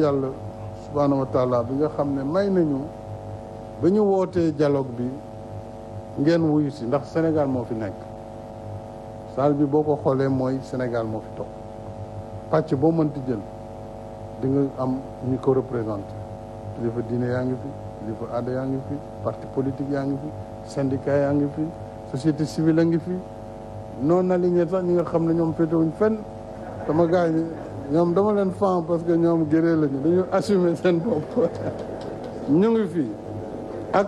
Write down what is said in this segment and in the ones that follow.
yàlla subhaanahu wa taala bi nga xam ne may nañu ba ñu wootee dialogue bi ngeen wuyu si ndax Sénégal moo fi nekk salle bi boo ko xoolee mooy Sénégal moo fi toog pàcc boo mënti jël di nga am ñi ko représenté kilifa diine yaa ngi fi kilifa aada yaa ngi fi parti politique yaa ngi fi syndicat yaa ngi fi société civile a ngi fi non aligné sax ñi nga xam ne ñoom féetewuñ fenn sama gars ñoom dama leen fan parce que ñoom géré lañu dañu assumer seen bopp ñu ngi fii ak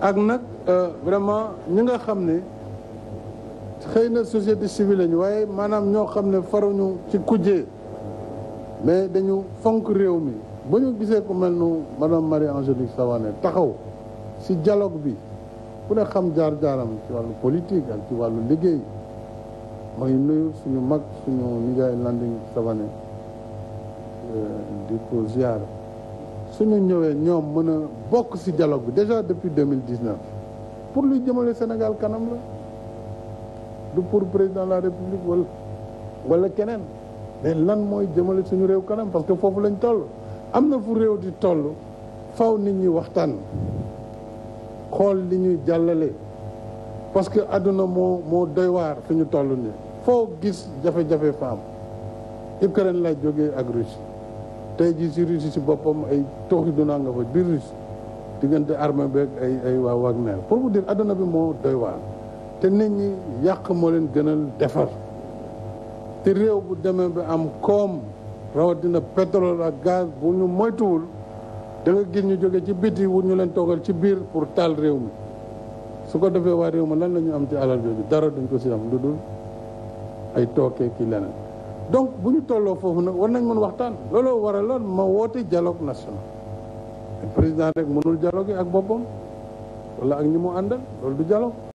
ak nag euh, vraiment ñi nga xam ne xëy na société civile lañu waaye maanaam ñoo xam ne faruñu ci kujjee mais dañu fonk réew mi ba ñu gisee ku mel nu madame Marie-Angélique Savané taxaw si dialogue bi ku ne xam jaar-jaaram ci wàllu politique ak ci wàllu liggéey mooy nuyu suñu mag suñu nijaay Landing Savané Euh, di ko suñu ñëwee ñoom mën a bokk ci dialogue bi déjà depuis 2019 pour luy jëmale Sénégal kanam la du pour président la République wala wala keneen mais lan mooy jëmale suñu réew kanam parce que foofu lañ toll am na fu réew di toll faw nit ñi waxtaan xool li ñuy jàllale parce que àdduna moo moo doy waar suñu ñu toll nii foo gis jafe-jafe faam Ukraine lay jóge ak Russie tey jii si Russie si boppam ay tooxi dunaa nga fa biir Russie diggante armée beeg ay ay waa Wagner pour vous dire adduna bi moo doy waa te nit ñi yàq moo leen gënal defar te réew bu demee ba am koom rawatina pétrole ak gaz bu ñu moytuwul danga nga gis ñu jóge ci biti wut ñu leen toogal ci biir pour taal réew mi su ko defee waa réew mi lan lañu am ci alal jooju dara duñ ko si am lu dul ay tookee kii leneen donc bu ñu tolloo foofu nag war nañ mën waxtaan looloo waraloon ma woote dialogue national président rek mënul dialogue ak boppam wala ak ñi mu àndal loolu du dialogue